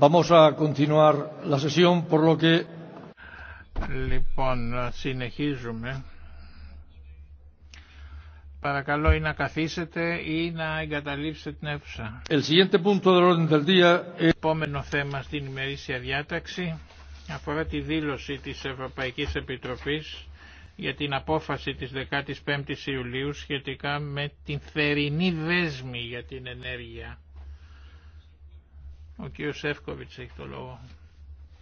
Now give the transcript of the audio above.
Vamos a continuar la sesión por lo que... Λοιπόν, συνεχίζουμε. Παρακαλώ ή να καθίσετε ή να εγκαταλείψετε την αίθουσα. Επόμενο θέμα στην ημερήσια διάταξη αφορά τη δήλωση της Ευρωπαϊκής Επιτροπής για την απόφαση της 15ης Ιουλίου σχετικά με την θερινή δέσμη για την ενέργεια. Ο κύριος Εύκοβιτς έχει το λόγο.